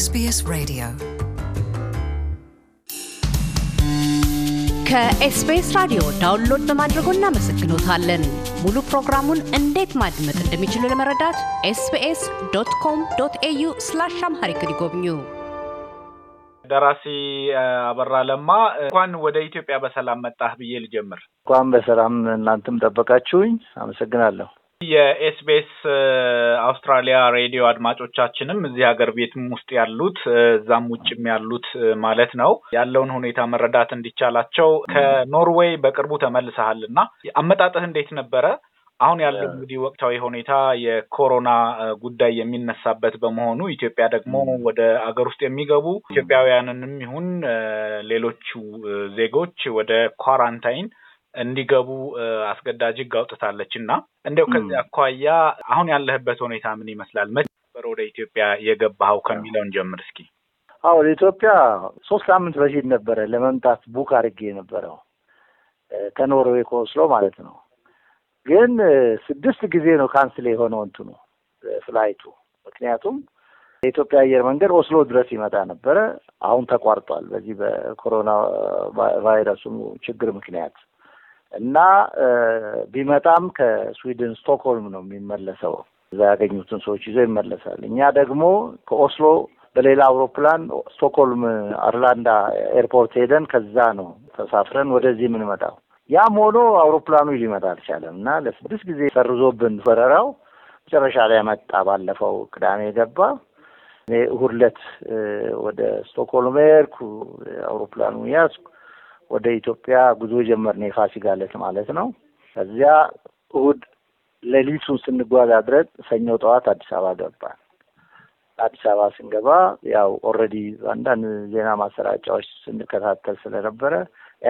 ኤስቢኤስ ሬዲዮ ከኤስቢኤስ ራዲዮ ዳውንሎድ በማድረጎ እናመሰግኖታለን። ሙሉ ፕሮግራሙን እንዴት ማድመጥ እንደሚችሉ ለመረዳት ኤስቢኤስ ዶት ኮም ዶት ኤዩ ስላሽ አምሃሪክ ይጎብኙ። ደራሲ አበራ ለማ፣ እንኳን ወደ ኢትዮጵያ በሰላም መጣህ ብዬ ልጀምር። እንኳን በሰላም እናንተም ጠበቃችሁኝ። አመሰግናለሁ። የኤስቢኤስ አውስትራሊያ ሬዲዮ አድማጮቻችንም እዚህ ሀገር ቤትም ውስጥ ያሉት እዛም ውጭም ያሉት ማለት ነው ያለውን ሁኔታ መረዳት እንዲቻላቸው ከኖርዌይ በቅርቡ ተመልሰሃል እና አመጣጠህ እንዴት ነበረ? አሁን ያለው እንግዲህ ወቅታዊ ሁኔታ የኮሮና ጉዳይ የሚነሳበት በመሆኑ ኢትዮጵያ ደግሞ ወደ አገር ውስጥ የሚገቡ ኢትዮጵያውያንንም ይሁን ሌሎቹ ዜጎች ወደ ኳራንታይን እንዲገቡ አስገዳጅ ሕግ አውጥታለች እና እንደው ከዚህ አኳያ አሁን ያለህበት ሁኔታ ምን ይመስላል? መቼ ነበር ወደ ኢትዮጵያ የገባኸው ከሚለውን ጀምር እስኪ። አዎ ኢትዮጵያ ሶስት ሳምንት በፊት ነበረ ለመምጣት ቡክ አድርጌ የነበረው ከኖርዌይ ኮንስሎ ማለት ነው። ግን ስድስት ጊዜ ነው ካንስል የሆነው እንትኑ ፍላይቱ። ምክንያቱም የኢትዮጵያ አየር መንገድ ኦስሎ ድረስ ይመጣ ነበረ። አሁን ተቋርጧል በዚህ በኮሮና ቫይረሱ ችግር ምክንያት እና ቢመጣም ከስዊድን ስቶክሆልም ነው የሚመለሰው። እዛ ያገኙትን ሰዎች ይዞ ይመለሳል። እኛ ደግሞ ከኦስሎ በሌላ አውሮፕላን ስቶክሆልም አርላንዳ ኤርፖርት ሄደን ከዛ ነው ተሳፍረን ወደዚህ የምንመጣው። ያም ሆኖ አውሮፕላኑ ሊመጣ አልቻለም እና ለስድስት ጊዜ ሰርዞብን በረራው መጨረሻ ላይ መጣ። ባለፈው ቅዳሜ ገባ። እኔ እሑድ ዕለት ወደ ስቶክሆልም ሄድኩ። አውሮፕላኑ ያዝኩ። ወደ ኢትዮጵያ ጉዞ ጀመርን። የፋሲካ ዕለት ማለት ነው። ከዚያ እሁድ ሌሊቱን ስንጓዝ አድረን ሰኞ ጠዋት አዲስ አበባ ገባን። አዲስ አበባ ስንገባ ያው ኦልሬዲ አንዳንድ ዜና ማሰራጫዎች ስንከታተል ስለነበረ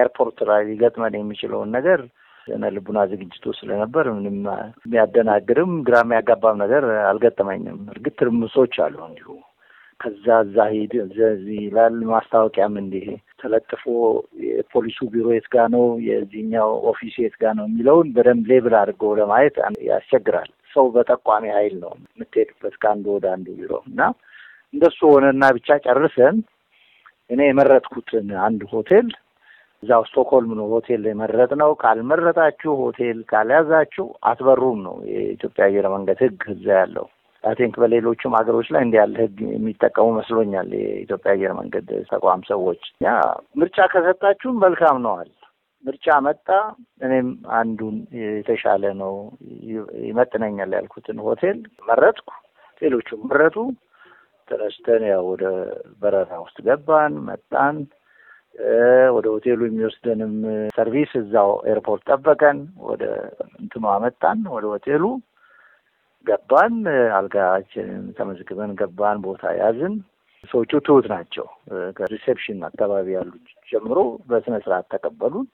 ኤርፖርት ላይ ሊገጥመን የሚችለውን ነገር የሆነ ልቡና ዝግጅቱ ስለነበር ምንም የሚያደናግርም ግራ የሚያጋባም ነገር አልገጠመኝም። እርግጥ ትርምሶች አሉ እንዲሁ ከዛ እዛ ሄድ ይላል። ማስታወቂያም እንዲህ ተለጥፎ የፖሊሱ ቢሮ የት ጋ ነው፣ የዚህኛው ኦፊስ የት ጋ ነው የሚለውን በደንብ ሌብል አድርገ ለማየት ያስቸግራል። ሰው በጠቋሚ ኃይል ነው የምትሄድበት ከአንዱ ወደ አንዱ ቢሮ እና እንደሱ ሆነና ብቻ ጨርሰን እኔ የመረጥኩትን አንድ ሆቴል እዛው ስቶክሆልም ነው ሆቴል የመረጥ ነው። ካልመረጣችሁ ሆቴል ካልያዛችሁ አትበሩም ነው የኢትዮጵያ አየር መንገድ ሕግ እዛ ያለው አይ ቲንክ በሌሎቹም ሀገሮች ላይ እንዲያለ ህግ የሚጠቀሙ መስሎኛል። የኢትዮጵያ አየር መንገድ ተቋም ሰዎች ያ ምርጫ ከሰጣችሁም መልካም ነዋል። ምርጫ መጣ። እኔም አንዱን የተሻለ ነው ይመጥነኛል ያልኩትን ሆቴል መረጥኩ፣ ሌሎቹም መረጡ። ተነስተን ያው ወደ በረራ ውስጥ ገባን፣ መጣን። ወደ ሆቴሉ የሚወስደንም ሰርቪስ እዛው ኤርፖርት ጠበቀን። ወደ እንትኗ መጣን ወደ ሆቴሉ ገባን። አልጋችንን ተመዝግበን ገባን። ቦታ ያዝን። ሰዎቹ ትሁት ናቸው። ከሪሴፕሽን አካባቢ ያሉ ጀምሮ በስነ ስርዓት ተቀበሉን።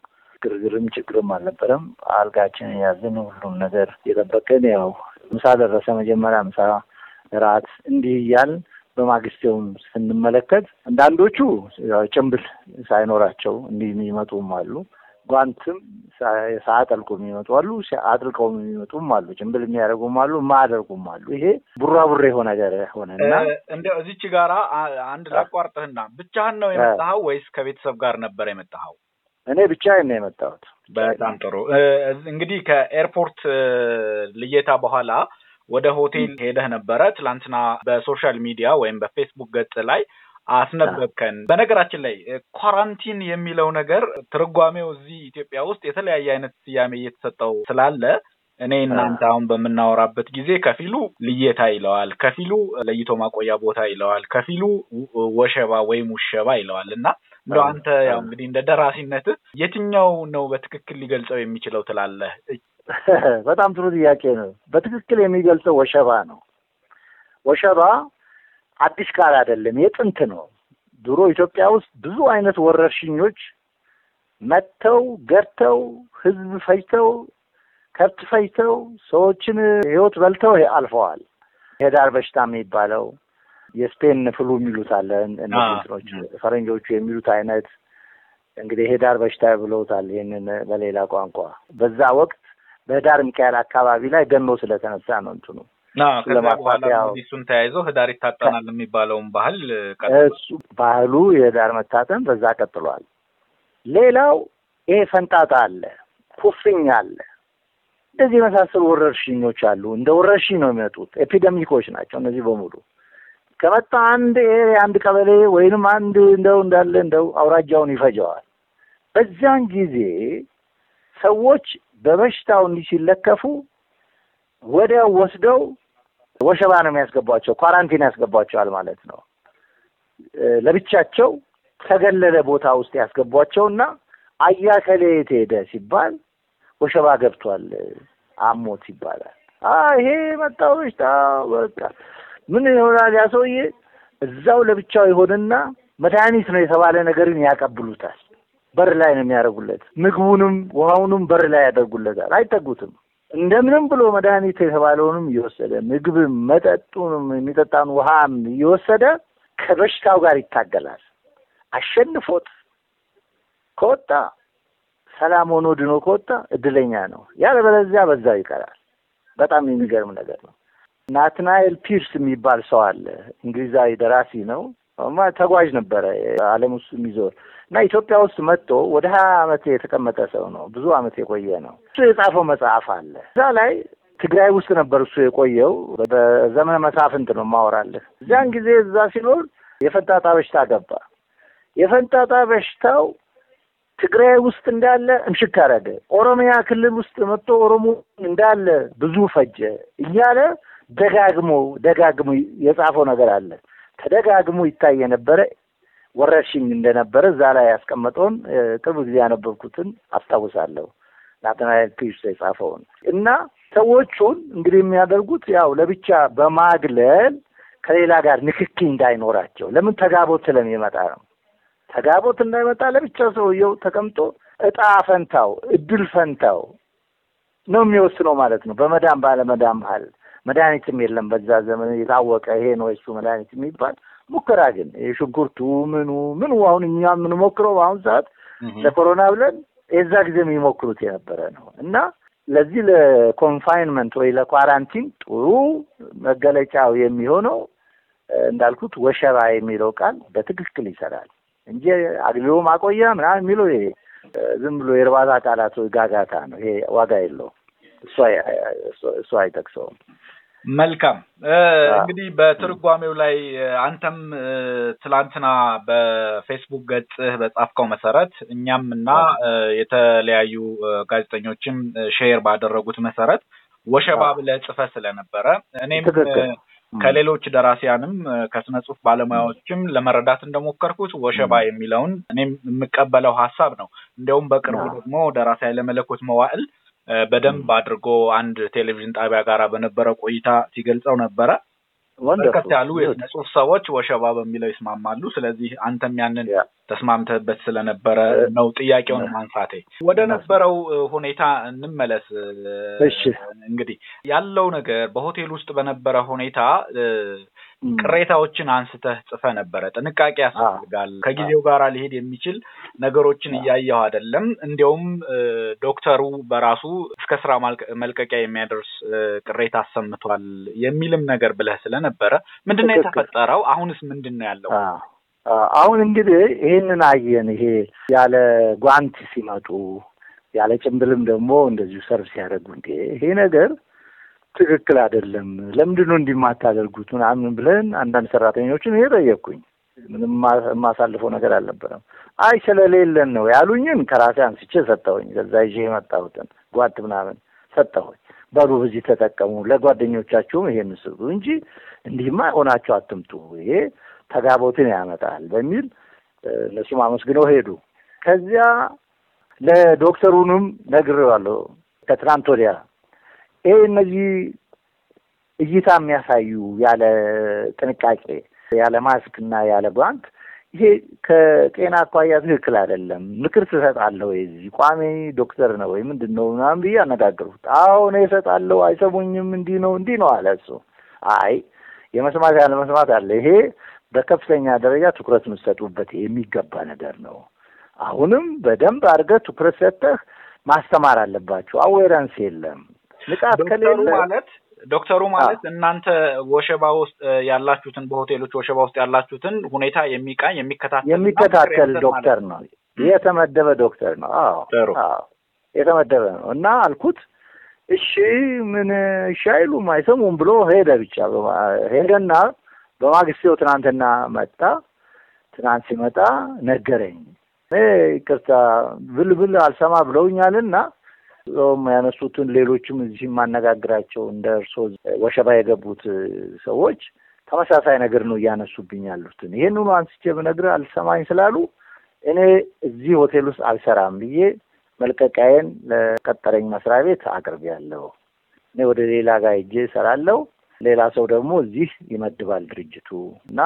ግርግርም ችግርም አልነበረም። አልጋችንን ያዝን። ሁሉም ነገር የጠበቅን ያው ምሳ ደረሰ። መጀመሪያ ምሳ፣ እራት እንዲህ እያልን በማግስቴውም ስንመለከት አንዳንዶቹ ጭንብል ሳይኖራቸው እንዲህ የሚመጡም አሉ። ጓንትም ሳያጠልቁ የሚመጡ አሉ፣ አጥልቀው የሚመጡም አሉ፣ ጭንብል የሚያደርጉም አሉ፣ ማያደርጉም አሉ። ይሄ ቡራቡሬ የሆነ ነገር ሆነ እና እንደ እዚች ጋራ አንድ ላቋርጥህና ብቻህን ነው የመጣኸው ወይስ ከቤተሰብ ጋር ነበር የመጣኸው? እኔ ብቻዬን ነው የመጣሁት። በጣም ጥሩ። እንግዲህ ከኤርፖርት ልየታ በኋላ ወደ ሆቴል ሄደህ ነበረ። ትላንትና በሶሻል ሚዲያ ወይም በፌስቡክ ገጽ ላይ አስነበብከን። በነገራችን ላይ ኳራንቲን የሚለው ነገር ትርጓሜው እዚህ ኢትዮጵያ ውስጥ የተለያየ አይነት ስያሜ እየተሰጠው ስላለ እኔ እናንተ አሁን በምናወራበት ጊዜ ከፊሉ ልየታ ይለዋል፣ ከፊሉ ለይቶ ማቆያ ቦታ ይለዋል፣ ከፊሉ ወሸባ ወይም ውሸባ ይለዋል እና እንደ አንተ ያው እንግዲህ እንደ ደራሲነት የትኛው ነው በትክክል ሊገልጸው የሚችለው ትላለህ? በጣም ጥሩ ጥያቄ ነው። በትክክል የሚገልጸው ወሸባ ነው። ወሸባ አዲስ ቃል አይደለም፣ የጥንት ነው። ድሮ ኢትዮጵያ ውስጥ ብዙ አይነት ወረርሽኞች መጥተው ገርተው ህዝብ ፈጅተው ከብት ፈጅተው ሰዎችን ህይወት በልተው አልፈዋል። የዳር በሽታ የሚባለው የስፔን ፍሉ የሚሉት አለ እንትኖች ፈረንጆቹ የሚሉት አይነት እንግዲህ ሄዳር በሽታ ብለውታል ይህንን በሌላ ቋንቋ። በዛ ወቅት በህዳር ሚካኤል አካባቢ ላይ ገኖ ስለተነሳ ነው እንትኑ ከዛ በኋላ አዲሱን ተያይዘው ህዳር ይታጠናል የሚባለውን ባህል እሱ ባህሉ የህዳር መታጠን በዛ ቀጥሏል። ሌላው ይሄ ፈንጣጣ አለ፣ ኩፍኝ አለ፣ እንደዚህ የመሳሰሉ ወረርሽኞች አሉ። እንደ ወረርሽኝ ነው የሚመጡት፣ ኤፒደሚኮች ናቸው እነዚህ በሙሉ ከመጣ አንድ አንድ ቀበሌ ወይንም አንድ እንደው እንዳለ እንደው አውራጃውን ይፈጀዋል። በዚያን ጊዜ ሰዎች በበሽታው እንዲህ ሲለከፉ ወዲያው ወስደው ወሸባ ነው የሚያስገቧቸው፣ ኳራንቲን ያስገቧቸዋል ማለት ነው። ለብቻቸው ተገለለ ቦታ ውስጥ ያስገቧቸው አያ ከሌ ሄደ ሲባል ወሸባ ገብቷል አሞት ይባላል። ይሄ መጣው በሽታ በቃ ምን ይሆናል ያ ሰውዬ እዛው ለብቻው የሆነና መድኃኒት ነው የተባለ ነገርን ያቀብሉታል። በር ላይ ነው የሚያደርጉለት። ምግቡንም ውሃውንም በር ላይ ያደርጉለታል። አይጠጉትም። እንደምንም ብሎ መድኃኒት የተባለውንም እየወሰደ ምግብም፣ መጠጡንም፣ የሚጠጣን ውሃም እየወሰደ ከበሽታው ጋር ይታገላል። አሸንፎት ከወጣ ሰላም ሆኖ ድኖ ከወጣ እድለኛ ነው። ያለበለዚያ በዛው ይቀራል። በጣም የሚገርም ነገር ነው። ናትናኤል ፒርስ የሚባል ሰው አለ። እንግሊዛዊ ደራሲ ነው። ተጓዥ ነበረ። ዓለም ውስጥ የሚዞር እና ኢትዮጵያ ውስጥ መጥቶ ወደ ሀያ ዓመት የተቀመጠ ሰው ነው። ብዙ ዓመት የቆየ ነው። እሱ የጻፈው መጽሐፍ አለ። እዛ ላይ ትግራይ ውስጥ ነበር እሱ የቆየው። በዘመነ መሳፍንት ነው ማወራለህ። እዚያን ጊዜ እዛ ሲኖር የፈንጣጣ በሽታ ገባ። የፈንጣጣ በሽታው ትግራይ ውስጥ እንዳለ እምሽክ አደረገ። ኦሮሚያ ክልል ውስጥ መጥቶ ኦሮሞ እንዳለ ብዙ ፈጀ እያለ ደጋግሞ ደጋግሞ የጻፈው ነገር አለ። ተደጋግሞ ይታይ የነበረ ወረርሽኝ እንደነበረ እዛ ላይ ያስቀመጠውን ቅርብ ጊዜ ያነበብኩትን አስታውሳለሁ። ናትናኤል ፒርስ የጻፈውን እና ሰዎቹን እንግዲህ የሚያደርጉት ያው ለብቻ በማግለል ከሌላ ጋር ንክኪ እንዳይኖራቸው ለምን ተጋቦት ስለሚመጣ ነው። ተጋቦት እንዳይመጣ ለብቻ ሰውየው ተቀምጦ እጣ ፈንታው እድል ፈንታው ነው የሚወስነው ማለት ነው። በመዳም ባለመዳም ባህል መድኃኒትም የለም በዛ ዘመን የታወቀ ይሄ ነው እሱ መድኃኒት የሚባል ሙከራ ግን የሽንኩርቱ ምኑ ምኑ አሁን እኛ የምንሞክረው በአሁን ሰዓት ለኮሮና ብለን የዛ ጊዜ የሚሞክሩት የነበረ ነው እና ለዚህ ለኮንፋይንመንት ወይ ለኳራንቲን ጥሩ መገለጫው የሚሆነው እንዳልኩት ወሸባ የሚለው ቃል በትክክል ይሰራል እንጂ አግቢዮ ማቆያ ምናምን የሚለው ይሄ ዝም ብሎ የእርባታ ቃላት ወይ ጋጋታ ነው። ይሄ ዋጋ የለውም። እሷ አይጠቅሰውም። መልካም እንግዲህ በትርጓሜው ላይ አንተም ትላንትና በፌስቡክ ገጽህ በጻፍከው መሰረት እኛም እና የተለያዩ ጋዜጠኞችም ሼር ባደረጉት መሰረት ወሸባ ብለ ጽፈ ስለነበረ እኔም ከሌሎች ደራሲያንም ከስነ ጽሁፍ ባለሙያዎችም ለመረዳት እንደሞከርኩት ወሸባ የሚለውን እኔም የምቀበለው ሀሳብ ነው። እንዲያውም በቅርቡ ደግሞ ደራሲ ለመለኮት መዋዕል በደንብ አድርጎ አንድ ቴሌቪዥን ጣቢያ ጋር በነበረ ቆይታ ሲገልጸው ነበረ። በርከት ያሉ የስነ ሰዎች ወሸባ በሚለው ይስማማሉ። ስለዚህ አንተም ያንን ተስማምተህበት ስለነበረ uh, ነው ጥያቄውን ማንሳቴ። ወደ ነበረው ሁኔታ እንመለስ። እንግዲህ ያለው ነገር በሆቴል ውስጥ በነበረ ሁኔታ ቅሬታዎችን አንስተህ ጽፈ ነበረ። ጥንቃቄ ያስፈልጋል፣ ከጊዜው ጋር ሊሄድ የሚችል ነገሮችን እያየው አይደለም። እንዲያውም ዶክተሩ በራሱ እስከ ስራ መልቀቂያ የሚያደርስ ቅሬታ አሰምቷል የሚልም ነገር ብለህ ስለነበረ ምንድን ነው የተፈጠረው? አሁንስ ምንድን ነው ያለው? አሁን እንግዲህ ይህንን አየን። ይሄ ያለ ጓንት ሲመጡ ያለ ጭንብልም ደግሞ እንደዚሁ ሰርቭ ሲያደርጉ እንዴ ይሄ ነገር ትክክል አይደለም፣ ለምንድነው እንዲህ የማታደርጉት ምናምን ብለን አንዳንድ ሰራተኞችን ይሄ ጠየቅኩኝ። ምንም የማሳልፈው ነገር አልነበረም። አይ ስለሌለን ነው ያሉኝን ከራሴ አንስቼ ሰጠሁኝ። ከዛ ይዤ የመጣሁትን ጓት ምናምን ሰጠሁኝ። በሩ በዚህ ተጠቀሙ፣ ለጓደኞቻችሁም ይሄን ስጡ እንጂ እንዲህማ ሆናችሁ አትምጡ፣ ይሄ ተጋቦትን ያመጣል በሚል እነሱም አመስግነው ሄዱ። ከዚያ ለዶክተሩንም ነግሬዋለሁ ከትናንት ወዲያ ይሄ እነዚህ እይታ የሚያሳዩ ያለ ጥንቃቄ ያለ ማስክ እና ያለ ጓንት ይሄ ከጤና አኳያ ትክክል አይደለም። ምክር ትሰጣለህ ወይ? እዚህ ቋሚ ዶክተር ነው ወይ ምንድን ነው ምናምን ብዬ አነጋገርኩት። አዎ እኔ እሰጣለሁ፣ አይሰሙኝም፣ እንዲህ ነው እንዲህ ነው አለ እሱ። አይ የመስማት ያለ መስማት አለ። ይሄ በከፍተኛ ደረጃ ትኩረት የምትሰጡበት የሚገባ ነገር ነው። አሁንም በደንብ አድርገህ ትኩረት ሰጥተህ ማስተማር አለባቸው። አዌራንስ የለም። ንቃት ከሌሉ ማለት ዶክተሩ ማለት እናንተ ወሸባ ውስጥ ያላችሁትን በሆቴሎች ወሸባ ውስጥ ያላችሁትን ሁኔታ የሚቃኝ የሚከታተል የሚከታተል ዶክተር ነው የተመደበ ዶክተር ነው። አዎ የተመደበ ነው እና አልኩት እሺ ምን እሺ አይሉም አይሰሙም ብሎ ሄደ። ብቻ ሄደና በማግስቴው ትናንትና መጣ። ትናንት ሲመጣ ነገረኝ። ቅርታ ብልብል አልሰማ ብለውኛልና ም ያነሱትን ሌሎችም እዚህ የማነጋግራቸው እንደ እርሶ ወሸባ የገቡት ሰዎች ተመሳሳይ ነገር ነው እያነሱብኝ ያሉትን። ይህን ሁሉ አንስቼ ብነግርህ አልሰማኝ ስላሉ እኔ እዚህ ሆቴል ውስጥ አልሰራም ብዬ መልቀቂያዬን ለቀጠረኝ መስሪያ ቤት አቅርቤያለሁ። እኔ ወደ ሌላ ጋር ሄጄ እሰራለሁ፣ ሌላ ሰው ደግሞ እዚህ ይመድባል ድርጅቱ እና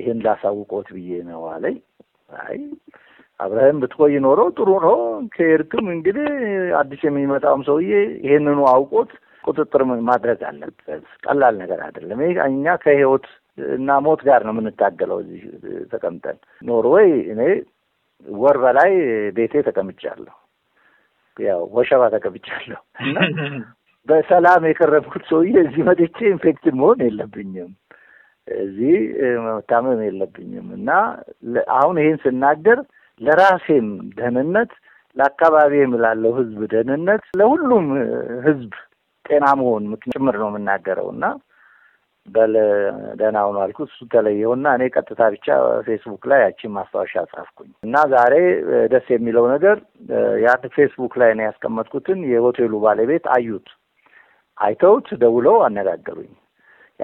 ይህን ላሳውቆት ብዬ ነው አለኝ። አይ አብረህም ብትቆይ ኖሮ ጥሩ ነው። ከሄድክም እንግዲህ አዲስ የሚመጣውም ሰውዬ ይሄንኑ አውቆት ቁጥጥር ማድረግ አለበት። ቀላል ነገር አይደለም። እኛ ከህይወት እና ሞት ጋር ነው የምንታገለው እዚህ ተቀምጠን። ኖርዌይ እኔ ወር በላይ ቤቴ ተቀምጫለሁ፣ ያው ወሸባ ተቀምጫለሁ እና በሰላም የከረምኩት ሰውዬ እዚህ መጥቼ ኢንፌክትድ መሆን የለብኝም እዚህ መታመም የለብኝም እና አሁን ይሄን ስናገር ለራሴም ደህንነት፣ ለአካባቢም ላለው ህዝብ ደህንነት፣ ለሁሉም ህዝብ ጤና መሆን ጭምር ነው የምናገረው እና በል ደህና ሁኑ አልኩት። እሱ እኔ ቀጥታ ብቻ ፌስቡክ ላይ ያቺን ማስታወሻ ጻፍኩኝ እና ዛሬ ደስ የሚለው ነገር ያን ፌስቡክ ላይ ነው ያስቀመጥኩትን የሆቴሉ ባለቤት አዩት። አይተውት ደውለው አነጋገሩኝ።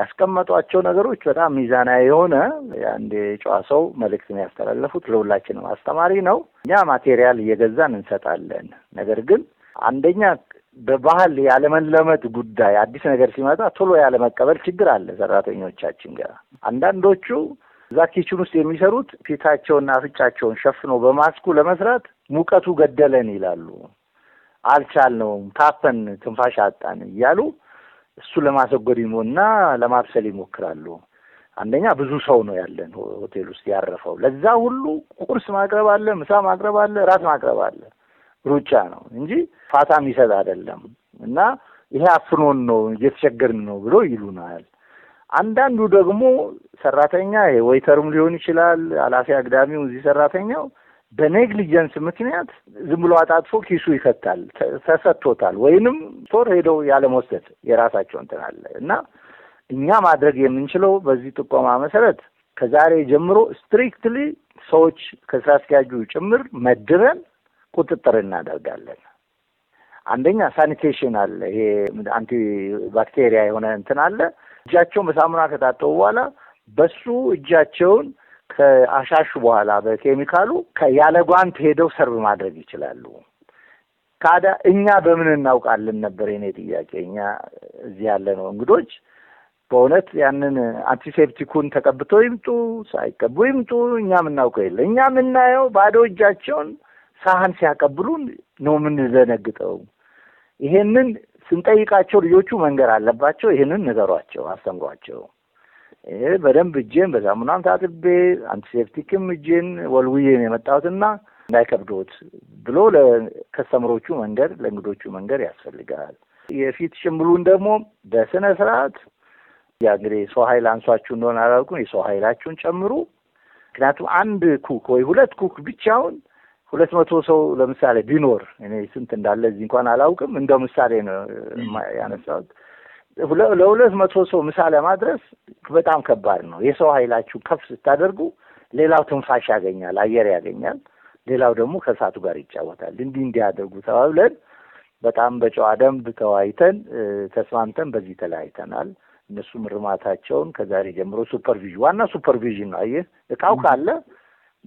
ያስቀመጧቸው ነገሮች በጣም ሚዛናዊ የሆነ የአንድ የጨዋ ሰው መልእክት ያስተላለፉት። ለሁላችንም አስተማሪ ነው። እኛ ማቴሪያል እየገዛን እንሰጣለን። ነገር ግን አንደኛ በባህል ያለመለመድ ጉዳይ አዲስ ነገር ሲመጣ ቶሎ ያለመቀበል ችግር አለ ሰራተኞቻችን ጋር። አንዳንዶቹ እዛ ኪችን ውስጥ የሚሰሩት ፊታቸውና አፍንጫቸውን ሸፍኖ በማስኩ ለመስራት ሙቀቱ ገደለን ይላሉ። አልቻልነውም፣ ታፈን፣ ትንፋሽ አጣን እያሉ እሱ ለማስወገድ ይሞና ለማብሰል ይሞክራሉ። አንደኛ ብዙ ሰው ነው ያለን ሆቴል ውስጥ ያረፈው። ለዛ ሁሉ ቁርስ ማቅረብ አለ፣ ምሳ ማቅረብ አለ፣ ራት ማቅረብ አለ። ሩጫ ነው እንጂ ፋታ የሚሰጥ አይደለም። እና ይሄ አፍኖን ነው እየተቸገርን ነው ብሎ ይሉናል። አንዳንዱ ደግሞ ሰራተኛ ወይተርም ሊሆን ይችላል፣ አላፊ አግዳሚው እዚህ ሰራተኛው በኔግሊጀንስ ምክንያት ዝም ብሎ አጣጥፎ ኪሱ ይከታል፣ ተሰጥቶታል ወይንም ቶር ሄደው ያለመወሰድ የራሳቸው እንትን አለ እና እኛ ማድረግ የምንችለው በዚህ ጥቆማ መሰረት ከዛሬ ጀምሮ ስትሪክትሊ ሰዎች ከስራ አስኪያጁ ጭምር መድበን ቁጥጥር እናደርጋለን። አንደኛ ሳኒቴሽን አለ፣ ይሄ አንቲ ባክቴሪያ የሆነ እንትን አለ። እጃቸውን በሳሙና ከታጠቡ በኋላ በሱ እጃቸውን ከአሻሹ በኋላ በኬሚካሉ ያለ ጓንት ሄደው ሰርብ ማድረግ ይችላሉ። ካዳ እኛ በምን እናውቃለን ነበር የኔ ጥያቄ። እኛ እዚህ ያለ ነው እንግዶች በእውነት ያንን አንቲሴፕቲኩን ተቀብተው ይምጡ፣ ሳይቀቡ ይምጡ። እኛ የምናውቀው የለ። እኛ የምናየው ባዶ እጃቸውን ሳህን ሲያቀብሉን ነው የምንዘነግጠው። ይሄንን ስንጠይቃቸው ልጆቹ መንገር አለባቸው። ይሄንን ንገሯቸው፣ አስተምሯቸው። በደንብ እጄን በሳሙናም ታጥቤ አንቲሴፕቲክም እጄን ወልውዬን የመጣሁትና እንዳይከብዶት ብሎ ለከስተምሮቹ መንገድ ለእንግዶቹ መንገድ ያስፈልጋል። የፊት ጭምብሉን ደግሞ በስነ ስርዓት ያ እንግዲህ የሰው ኃይል አንሷችሁ እንደሆነ አላልኩም። የሰው ኃይላችሁን ጨምሩ። ምክንያቱም አንድ ኩክ ወይ ሁለት ኩክ ብቻውን ሁለት መቶ ሰው ለምሳሌ ቢኖር እኔ ስንት እንዳለ እዚህ እንኳን አላውቅም። እንደ ምሳሌ ነው ያነሳሁት። ለሁለት መቶ ሰው ምሳ ለማድረስ በጣም ከባድ ነው። የሰው ኃይላችሁ ከፍ ስታደርጉ ሌላው ትንፋሽ ያገኛል፣ አየር ያገኛል። ሌላው ደግሞ ከእሳቱ ጋር ይጫወታል። እንዲህ እንዲያደርጉ ተባብለን በጣም በጨዋ ደንብ ተወያይተን ተስማምተን በዚህ ተለያይተናል። እነሱም እርማታቸውን ከዛሬ ጀምሮ ሱፐርቪዥን ዋና ሱፐርቪዥን ነው። አየህ እቃው ካለ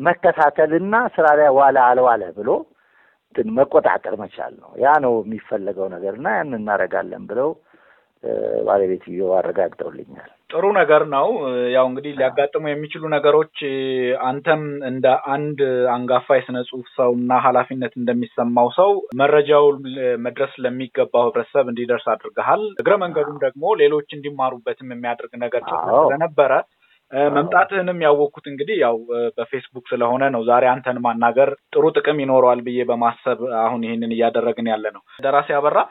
መከታተልና ስራ ላይ ዋለ አልዋለ ብሎ መቆጣጠር መቻል ነው። ያ ነው የሚፈለገው ነገር እና ያን እናደርጋለን ብለው ባለቤትዮ አረጋግጠውልኛል። ጥሩ ነገር ነው። ያው እንግዲህ ሊያጋጥሙ የሚችሉ ነገሮች አንተም እንደ አንድ አንጋፋ የስነ ጽሁፍ ሰው እና ኃላፊነት እንደሚሰማው ሰው መረጃው መድረስ ለሚገባው ህብረተሰብ እንዲደርስ አድርገሃል። እግረ መንገዱም ደግሞ ሌሎች እንዲማሩበትም የሚያደርግ ነገር ስለነበረ መምጣትህንም ያወቅኩት እንግዲህ ያው በፌስቡክ ስለሆነ ነው። ዛሬ አንተን ማናገር ጥሩ ጥቅም ይኖረዋል ብዬ በማሰብ አሁን ይህንን እያደረግን ያለ ነው። ደራሲ አበራ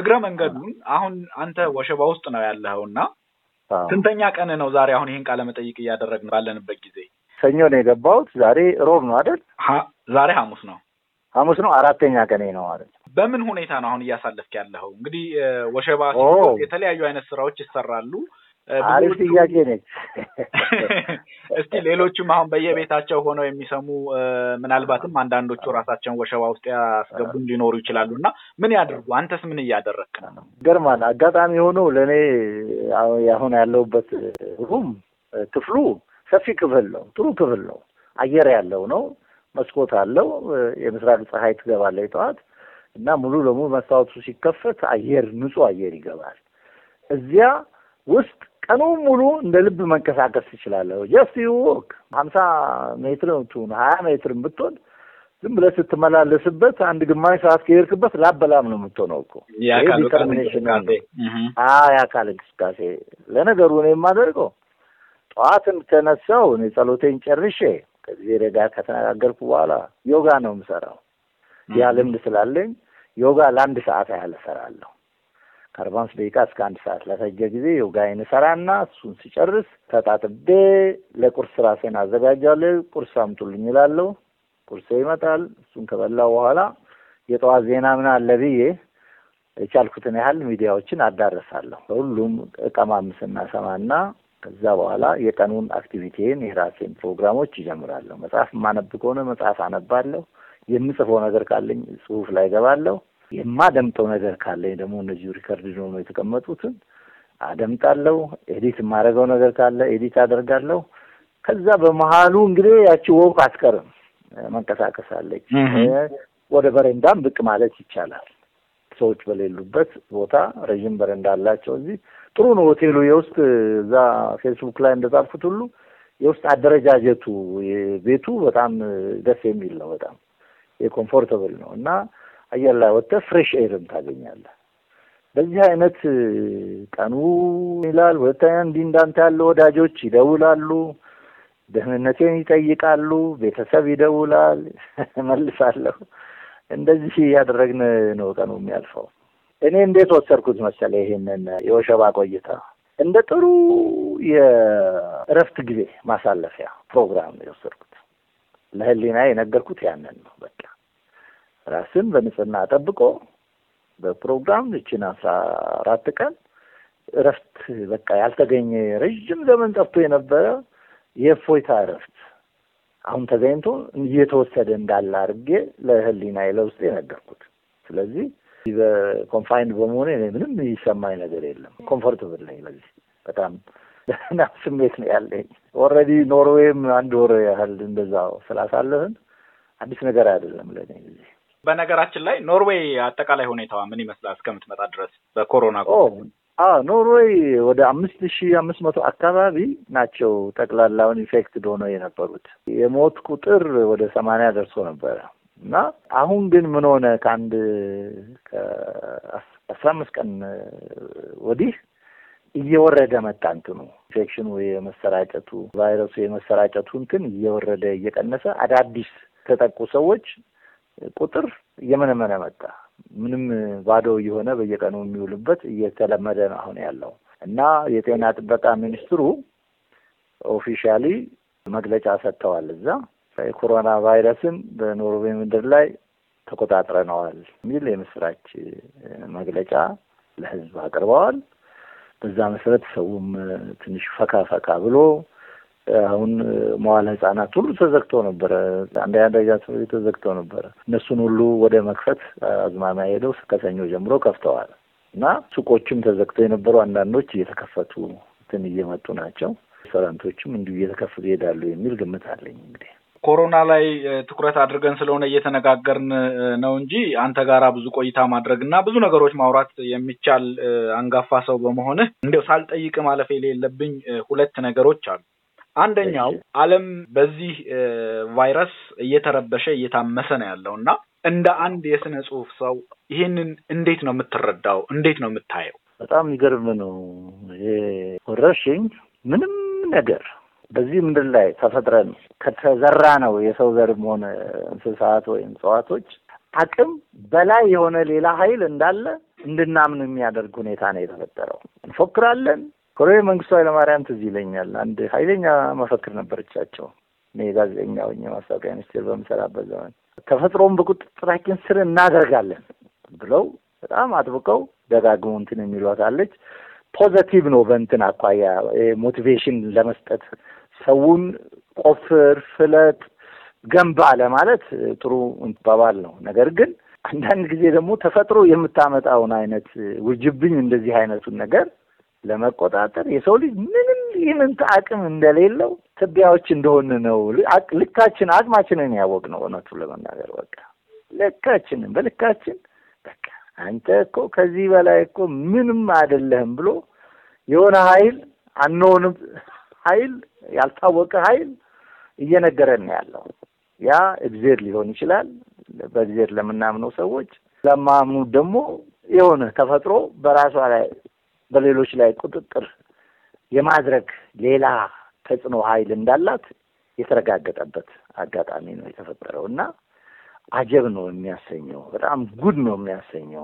እግረ መንገዱን አሁን አንተ ወሸባ ውስጥ ነው ያለኸው እና ስንተኛ ቀን ነው ዛሬ አሁን ይህን ቃለ መጠይቅ እያደረግን ባለንበት ጊዜ? ሰኞ ነው የገባሁት። ዛሬ ሮብ ነው አይደል? ዛሬ ሐሙስ ነው። ሐሙስ ነው። አራተኛ ቀኔ ነው ማለት በምን ሁኔታ ነው አሁን እያሳለፍክ ያለኸው? እንግዲህ ወሸባ የተለያዩ አይነት ስራዎች ይሰራሉ። አሪፍ ጥያቄ ነች። እስቲ ሌሎችም አሁን በየቤታቸው ሆነው የሚሰሙ ምናልባትም አንዳንዶቹ ራሳቸውን ወሸባ ውስጥ ያስገቡም ሊኖሩ ይችላሉ እና ምን ያድርጉ? አንተስ ምን እያደረግክ ነው? ገርማን አጋጣሚ ሆኖ ለእኔ አሁን ያለሁበት ሩም ክፍሉ ሰፊ ክፍል ነው። ጥሩ ክፍል ነው። አየር ያለው ነው። መስኮት አለው። የምስራቅ ፀሐይ ትገባለ ጠዋት እና ሙሉ ለሙሉ መስታወቱ ሲከፈት አየር ንጹህ አየር ይገባል። እዚያ ውስጥ ቀኑን ሙሉ እንደ ልብ መንቀሳቀስ ትችላለህ። ጀስት ዩ ወክ ሀምሳ ሜትር ትሁን ሀያ ሜትር ብትሆን ዝም ብለህ ስትመላለስበት አንድ ግማሽ ሰዓት ከሄድክበት ላበላም ነው የምትሆነው እኮ ዲተርሚኔሽን የአካል እንቅስቃሴ። ለነገሩ ነው የማደርገው ጠዋትን ተነሳው እኔ ጸሎቴን ጨርሼ ከዚህ ጋር ከተነጋገርኩ በኋላ ዮጋ ነው የምሰራው። ያ ልምድ ስላለኝ ዮጋ ለአንድ ሰዓት ያህል እሰራለሁ። ከአርባ አምስት ደቂቃ እስከ አንድ ሰዓት ለፈጀ ጊዜ ዮጋዬን እሰራና እሱን ሲጨርስ ተጣጥቤ ለቁርስ ራሴን አዘጋጃለሁ። ቁርስ አምጡልኝ ይላለሁ ቁርሴ ይመጣል። እሱን ከበላው በኋላ የጠዋት ዜና ምን አለ ብዬ የቻልኩትን ያህል ሚዲያዎችን አዳረሳለሁ። ሁሉም እቀማምስና ሰማና ከዛ በኋላ የቀኑን አክቲቪቲን የራሴን ፕሮግራሞች ይጀምራለሁ። መጽሐፍ የማነብ ከሆነ መጽሐፍ አነባለሁ። የምጽፈው ነገር ካለኝ ጽሁፍ ላይ ገባለሁ። የማደምጠው ነገር ካለኝ ደግሞ እነዚሁ ሪከርድ ነው የተቀመጡትን አደምጣለሁ። ኤዲት የማደርገው ነገር ካለ ኤዲት አደርጋለሁ። ከዛ በመሀሉ እንግዲህ ያቺ ወቅ አትቀርም፣ መንቀሳቀስ አለች። ወደ በረንዳም ብቅ ማለት ይቻላል። ሰዎች በሌሉበት ቦታ ረዥም በረንዳ አላቸው። እዚህ ጥሩ ነው ሆቴሉ። የውስጥ እዛ ፌስቡክ ላይ እንደጻፍኩት ሁሉ የውስጥ አደረጃጀቱ ቤቱ በጣም ደስ የሚል ነው። በጣም የኮምፎርተብል ነው እና አየር ላይ ወጥተህ ፍሬሽ ኤርም ታገኛለህ። በዚህ አይነት ቀኑ ይላል። ሁለተኛ እንዲህ እንዳንተ ያለ ወዳጆች ይደውላሉ፣ ደህንነቴን ይጠይቃሉ፣ ቤተሰብ ይደውላል፣ መልሳለሁ። እንደዚህ እያደረግን ነው ቀኑ የሚያልፈው። እኔ እንዴት ወሰድኩት መሰለ ይሄንን የወሸባ ቆይታ እንደ ጥሩ የእረፍት ጊዜ ማሳለፊያ ፕሮግራም ነው የወሰድኩት። ለህሊና የነገርኩት ያንን ነው። ራስን በንጽህና ጠብቆ በፕሮግራም ይችን አስራ አራት ቀን እረፍት በቃ ያልተገኘ ረዥም ዘመን ጠፍቶ የነበረ የእፎይታ እረፍት አሁን ተገኝቶ እየተወሰደ እንዳለ አድርጌ ለህሊና ለውስጤ የነገርኩት። ስለዚህ በኮንፋይንድ በመሆኔ ምንም የሚሰማኝ ነገር የለም። ኮምፎርትብል ነኝ። በዚህ በጣም ደህና ስሜት ነው ያለኝ። ኦልሬዲ ኖርዌይም አንድ ወር ያህል እንደዛው ስላሳለፍን አዲስ ነገር አይደለም ለእኔ ጊዜ በነገራችን ላይ ኖርዌይ አጠቃላይ ሁኔታዋ ምን ይመስላል እስከምትመጣ ድረስ በኮሮና ኖርዌይ ወደ አምስት ሺ አምስት መቶ አካባቢ ናቸው ጠቅላላውን ኢንፌክትድ ሆነው የነበሩት የሞት ቁጥር ወደ ሰማንያ ደርሶ ነበረ እና አሁን ግን ምን ሆነ ከአንድ ከአስራ አምስት ቀን ወዲህ እየወረደ መጣ እንትኑ ኢንፌክሽኑ የመሰራጨቱ ቫይረሱ የመሰራጨቱ እንትን እየወረደ እየቀነሰ አዳዲስ ተጠቁ ሰዎች ቁጥር እየመነመነ መጣ። ምንም ባዶ እየሆነ በየቀኑ የሚውልበት እየተለመደ ነው አሁን ያለው እና የጤና ጥበቃ ሚኒስትሩ ኦፊሻሊ መግለጫ ሰጥተዋል። እዛ የኮሮና ቫይረስን በኖርዌይ ምድር ላይ ተቆጣጥረነዋል የሚል የምስራች መግለጫ ለህዝብ አቅርበዋል። በዛ መሰረት ሰውም ትንሽ ፈካ ፈካ ብሎ አሁን መዋለ ህጻናት ሁሉ ተዘግተው ነበረ። አንደኛ ደረጃ ትምህርት ቤት ተዘግተው ነበረ። እነሱን ሁሉ ወደ መክፈት አዝማሚያ ሄደው ከሰኞ ጀምሮ ከፍተዋል እና ሱቆችም ተዘግተው የነበሩ አንዳንዶች እየተከፈቱ እንትን እየመጡ ናቸው። ሬስቶራንቶችም እንዲሁ እየተከፈቱ ይሄዳሉ የሚል ግምት አለኝ እንግዲህ ኮሮና ላይ ትኩረት አድርገን ስለሆነ እየተነጋገርን ነው እንጂ አንተ ጋራ ብዙ ቆይታ ማድረግ እና ብዙ ነገሮች ማውራት የሚቻል አንጋፋ ሰው በመሆንህ እንዲያው ሳልጠይቅ ማለፍ የሌለብኝ ሁለት ነገሮች አሉ። አንደኛው ዓለም በዚህ ቫይረስ እየተረበሸ እየታመሰ ነው ያለው እና እንደ አንድ የስነ ጽሁፍ ሰው ይሄንን እንዴት ነው የምትረዳው? እንዴት ነው የምታየው? በጣም ይገርም ነው። ወረርሽኝ ምንም ነገር በዚህ ምድር ላይ ተፈጥረን ከተዘራ ነው የሰው ዘርም ሆነ እንስሳት ወይም እጽዋቶች አቅም በላይ የሆነ ሌላ ኃይል እንዳለ እንድናምን የሚያደርግ ሁኔታ ነው የተፈጠረው። እንፎክራለን፣ ኮሎኔል መንግስቱ ኃይለማርያም ትዝ ይለኛል። አንድ ኃይለኛ መፈክር ነበረቻቸው። እኔ ጋዜጠኛ ሆኜ ማስታወቂያ ሚኒስቴር በምሰራበት ዘመን ተፈጥሮን በቁጥጥራችን ስር እናደርጋለን ብለው በጣም አጥብቀው ደጋግሞ እንትን የሚሏት ፖዘቲቭ ነው በእንትን አኳያ ሞቲቬሽን ለመስጠት ሰውን ቆፍር፣ ፍለጥ፣ ገንባ ለማለት ጥሩ ባባል ነው። ነገር ግን አንዳንድ ጊዜ ደግሞ ተፈጥሮ የምታመጣውን አይነት ውጅብኝ እንደዚህ አይነቱን ነገር ለመቆጣጠር የሰው ልጅ ምንም ይህንን አቅም እንደሌለው ትቢያዎች እንደሆን ነው። ልካችን አቅማችንን ያወቅ ነው። እውነቱ ለመናገር በቃ ልካችንን በልካችን በቃ አንተ እኮ ከዚህ በላይ እኮ ምንም አይደለህም ብሎ የሆነ ኃይል አንሆንም ኃይል ያልታወቀ ኃይል እየነገረን ያለው ያ እግዜር ሊሆን ይችላል። በእግዜር ለምናምነው ሰዎች ለማምኑ ደግሞ የሆነ ተፈጥሮ በራሷ ላይ በሌሎች ላይ ቁጥጥር የማድረግ ሌላ ተጽዕኖ ኃይል እንዳላት የተረጋገጠበት አጋጣሚ ነው የተፈጠረው እና አጀብ ነው የሚያሰኘው። በጣም ጉድ ነው የሚያሰኘው።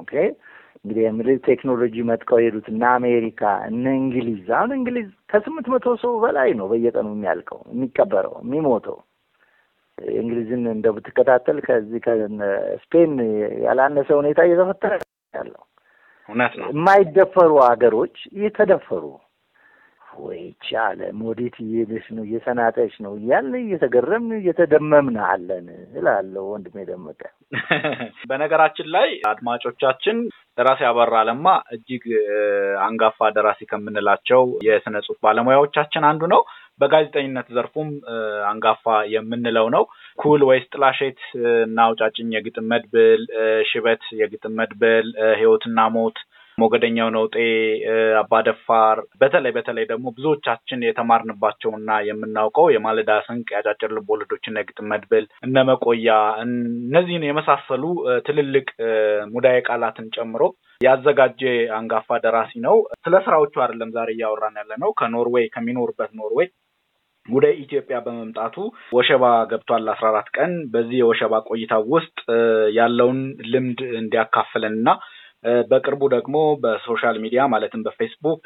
እንግዲህ የምድር ቴክኖሎጂ መጥቀው የሄዱት እነ አሜሪካ እነ እንግሊዝ አሁን እንግሊዝ ከስምንት መቶ ሰው በላይ ነው በየቀኑ የሚያልቀው የሚቀበረው የሚሞተው። እንግሊዝን እንደው ብትከታተል ከዚህ ከስፔን ያላነሰ ሁኔታ እየተፈጠረ ያለው እውነት ነው። የማይደፈሩ ሀገሮች እየተደፈሩ ወይ ዓለም ወዴት እየሄደች ነው? እየሰናጠች ነው እያልን እየተገረምን እየተደመምን አለን እላለሁ ወንድሜ ደመቀ። በነገራችን ላይ አድማጮቻችን ደራሲ አበራ ለማ እጅግ አንጋፋ ደራሲ ከምንላቸው የስነ ጽሁፍ ባለሙያዎቻችን አንዱ ነው። በጋዜጠኝነት ዘርፉም አንጋፋ የምንለው ነው። ኩል ወይስ ጥላሸት እና አውጫጭኝ የግጥም መድብል፣ ሽበት የግጥም መድብል፣ ህይወትና ሞት፣ ሞገደኛው ነውጤ፣ አባደፋር በተለይ በተለይ ደግሞ ብዙዎቻችን የተማርንባቸውና የምናውቀው የማለዳ ስንቅ፣ የአጫጭር ልቦለዶችና የግጥም መድብል፣ እነመቆያ እነዚህን የመሳሰሉ ትልልቅ ሙዳየ ቃላትን ጨምሮ ያዘጋጀ አንጋፋ ደራሲ ነው። ስለ ስራዎቹ አይደለም ዛሬ እያወራን ያለ ነው። ከኖርዌይ ከሚኖርበት ኖርዌይ ወደ ኢትዮጵያ በመምጣቱ ወሸባ ገብቷል ለአስራ አራት ቀን። በዚህ የወሸባ ቆይታ ውስጥ ያለውን ልምድ እንዲያካፍለን እና በቅርቡ ደግሞ በሶሻል ሚዲያ ማለትም በፌስቡክ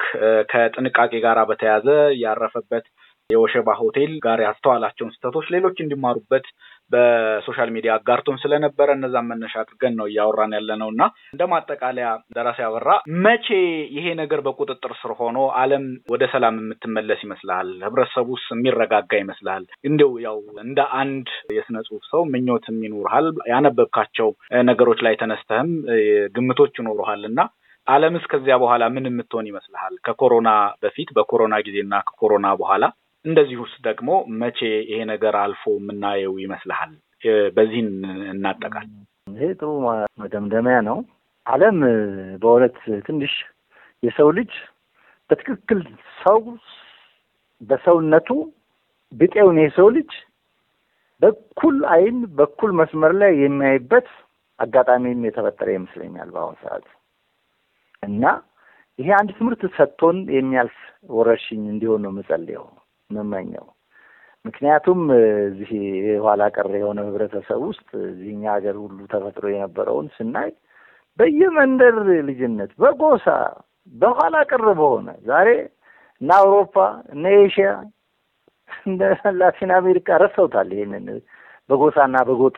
ከጥንቃቄ ጋር በተያያዘ ያረፈበት የወሸባ ሆቴል ጋር ያስተዋላቸውን ስህተቶች ሌሎች እንዲማሩበት በሶሻል ሚዲያ አጋርቶን ስለነበረ እነዛ መነሻ አድርገን ነው እያወራን ያለ ነው እና እንደ ማጠቃለያ ደራሲ አበራ፣ መቼ ይሄ ነገር በቁጥጥር ስር ሆኖ አለም ወደ ሰላም የምትመለስ ይመስልሃል? ህብረተሰቡስ የሚረጋጋ ይመስልሃል? እንዲው ያው እንደ አንድ የስነ ጽሁፍ ሰው ምኞትም ይኖርሃል፣ ያነበብካቸው ነገሮች ላይ ተነስተህም ግምቶች ይኖርሃል እና አለምስ ከዚያ በኋላ ምን የምትሆን ይመስልሃል? ከኮሮና በፊት በኮሮና ጊዜና ከኮሮና በኋላ ውስጥ ደግሞ መቼ ይሄ ነገር አልፎ የምናየው ይመስልሃል? በዚህን እናጠቃል። ይሄ ጥሩ መደምደሚያ ነው። ዓለም በእውነት ትንሽ የሰው ልጅ በትክክል ሰው በሰውነቱ ብጤውን የሰው ልጅ በኩል አይን በኩል መስመር ላይ የሚያይበት አጋጣሚም የተፈጠረ ይመስለኛል በአሁኑ ሰዓት እና ይሄ አንድ ትምህርት ሰጥቶን የሚያልፍ ወረርሽኝ እንዲሆን ነው የምጸልየው። የምመኘው። ምክንያቱም እዚህ የኋላ ቀር የሆነ ህብረተሰብ ውስጥ እዚህኛ ሀገር ሁሉ ተፈጥሮ የነበረውን ስናይ በየመንደር ልጅነት፣ በጎሳ፣ በኋላ ቀር በሆነ ዛሬ እነ አውሮፓ እነ ኤሽያ እንደ ላቲን አሜሪካ ረሰውታል። ይሄንን በጎሳና በጎጥ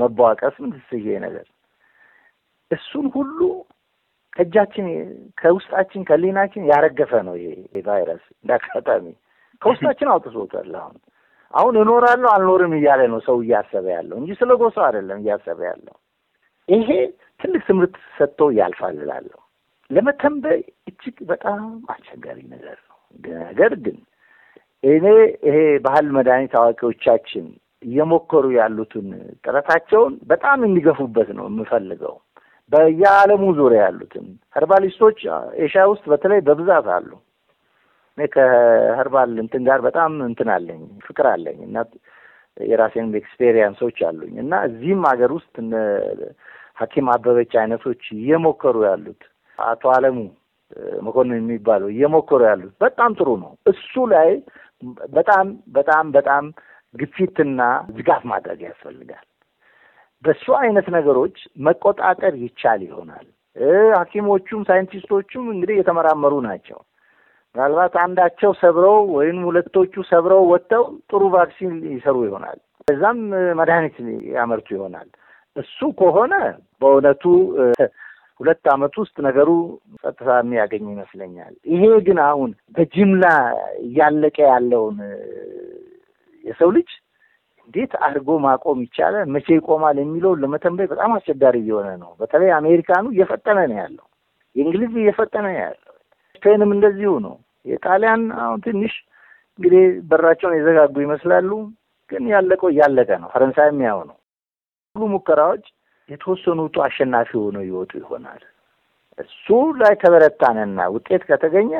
መቧቀስ ምትስዬ ነገር እሱን ሁሉ ከእጃችን ከውስጣችን ከሊናችን ያረገፈ ነው ይሄ ቫይረስ እንዳጋጣሚ ከውስጣችን አውጥቶታል። አሁን አሁን እኖራለሁ አልኖርም እያለ ነው ሰው እያሰበ ያለው እንጂ ስለ ጎሳው አይደለም እያሰበ ያለው። ይሄ ትልቅ ትምህርት ሰጥቶ ያልፋል እላለሁ። ለመተንበይ እጅግ በጣም አስቸጋሪ ነገር ነው። ነገር ግን እኔ ይሄ ባህል መድኃኒት አዋቂዎቻችን እየሞከሩ ያሉትን ጥረታቸውን በጣም እንዲገፉበት ነው የምፈልገው። በየዓለሙ ዙሪያ ያሉትን ሀርባሊስቶች ኤሽያ ውስጥ በተለይ በብዛት አሉ። እኔ ከህርባል እንትን ጋር በጣም እንትን አለኝ ፍቅር አለኝ እና የራሴን ኤክስፔሪየንሶች አሉኝ እና እዚህም ሀገር ውስጥ ሐኪም አበበች አይነቶች እየሞከሩ ያሉት አቶ አለሙ መኮንን የሚባለው እየሞከሩ ያሉት በጣም ጥሩ ነው። እሱ ላይ በጣም በጣም በጣም ግፊትና ዝጋፍ ማድረግ ያስፈልጋል። በእሱ አይነት ነገሮች መቆጣጠር ይቻል ይሆናል። ሐኪሞቹም ሳይንቲስቶቹም እንግዲህ የተመራመሩ ናቸው። ምናልባት አንዳቸው ሰብረው ወይም ሁለቶቹ ሰብረው ወጥተው ጥሩ ቫክሲን ይሰሩ ይሆናል። ከዛም መድኃኒት ያመርቱ ይሆናል። እሱ ከሆነ በእውነቱ ሁለት ዓመት ውስጥ ነገሩ ጸጥታ የሚያገኝ ይመስለኛል። ይሄ ግን አሁን በጅምላ እያለቀ ያለውን የሰው ልጅ እንዴት አድርጎ ማቆም ይቻላል፣ መቼ ይቆማል የሚለውን ለመተንበይ በጣም አስቸጋሪ እየሆነ ነው። በተለይ አሜሪካኑ እየፈጠነ ነው ያለው፣ የእንግሊዝ እየፈጠነ ነው ያለው። ስፔንም እንደዚሁ ነው። የጣሊያን አሁን ትንሽ እንግዲህ በራቸውን የዘጋጉ ይመስላሉ፣ ግን ያለቀው እያለቀ ነው። ፈረንሳይም ያው ነው። ሁሉ ሙከራዎች የተወሰኑቱ አሸናፊ ሆነው ይወጡ ይሆናል። እሱ ላይ ከበረታንና ውጤት ከተገኘ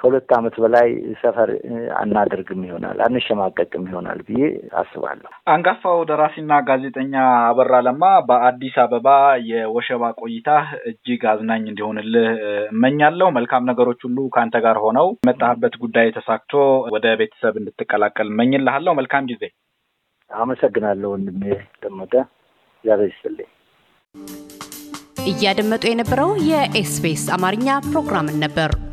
ከሁለት ዓመት በላይ ሰፈር አናደርግም ይሆናል አንሸማቀቅም ይሆናል ብዬ አስባለሁ። አንጋፋው ደራሲና ጋዜጠኛ አበራ ለማ፣ በአዲስ አበባ የወሸባ ቆይታ እጅግ አዝናኝ እንዲሆንልህ እመኛለሁ። መልካም ነገሮች ሁሉ ከአንተ ጋር ሆነው የመጣህበት ጉዳይ ተሳክቶ ወደ ቤተሰብ እንድትቀላቀል እመኝልሃለሁ። መልካም ጊዜ። አመሰግናለሁ ወንድሜ ደመቀ። ያበስልኝ። እያደመጡ የነበረው የኤስቢኤስ አማርኛ ፕሮግራምን ነበር።